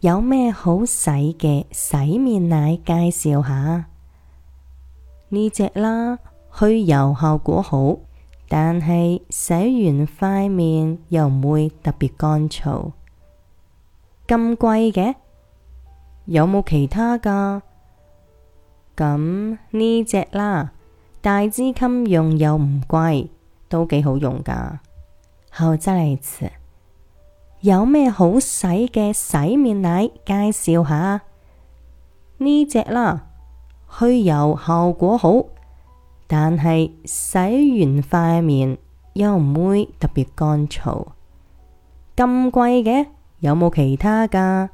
有咩好使嘅洗面奶介紹下？呢隻啦，去油效果好，但係洗完塊面又唔會特別乾燥。咁貴嘅？有冇其他噶？咁呢隻啦，大支襟用又唔貴，都幾好用噶。好，再嚟一次。有咩好使嘅洗面奶介紹下？呢隻啦，去油效果好，但係洗完塊面又唔會特別乾燥。咁貴嘅？有冇其他噶？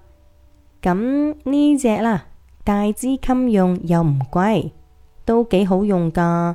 咁呢隻啦，大支襟用又唔貴，都幾好用噶。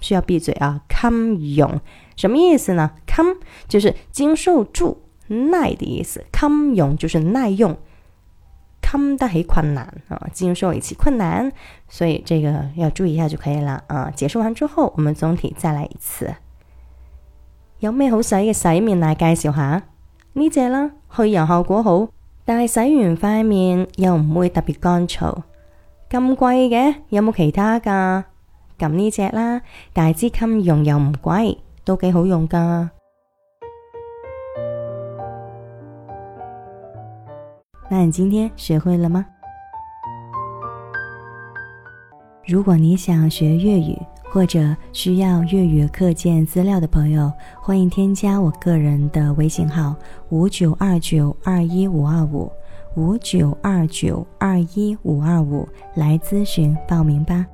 需要閉嘴啊！襟用？什麼意思呢？襟就是經受住耐的意思，襟用就是耐用。襟得起困難啊，經受一次困難，所以這個要注意一下就可以了啊。解釋完之後，我們總體再來一次。 有咩好使嘅洗面奶介紹下？呢隻啦，去油效果好，但係洗完塊面又唔會特別乾燥。咁貴嘅，有冇其他噶？咁呢隻啦，大支襟用又唔貴，都幾好用噶。那你今天學會了嗎？如果你想學粵語或者需要粵語課件資料的朋友，歡迎添加我個人的微信號五九二九二一五二五五九二九二一五二五來諮詢報名吧。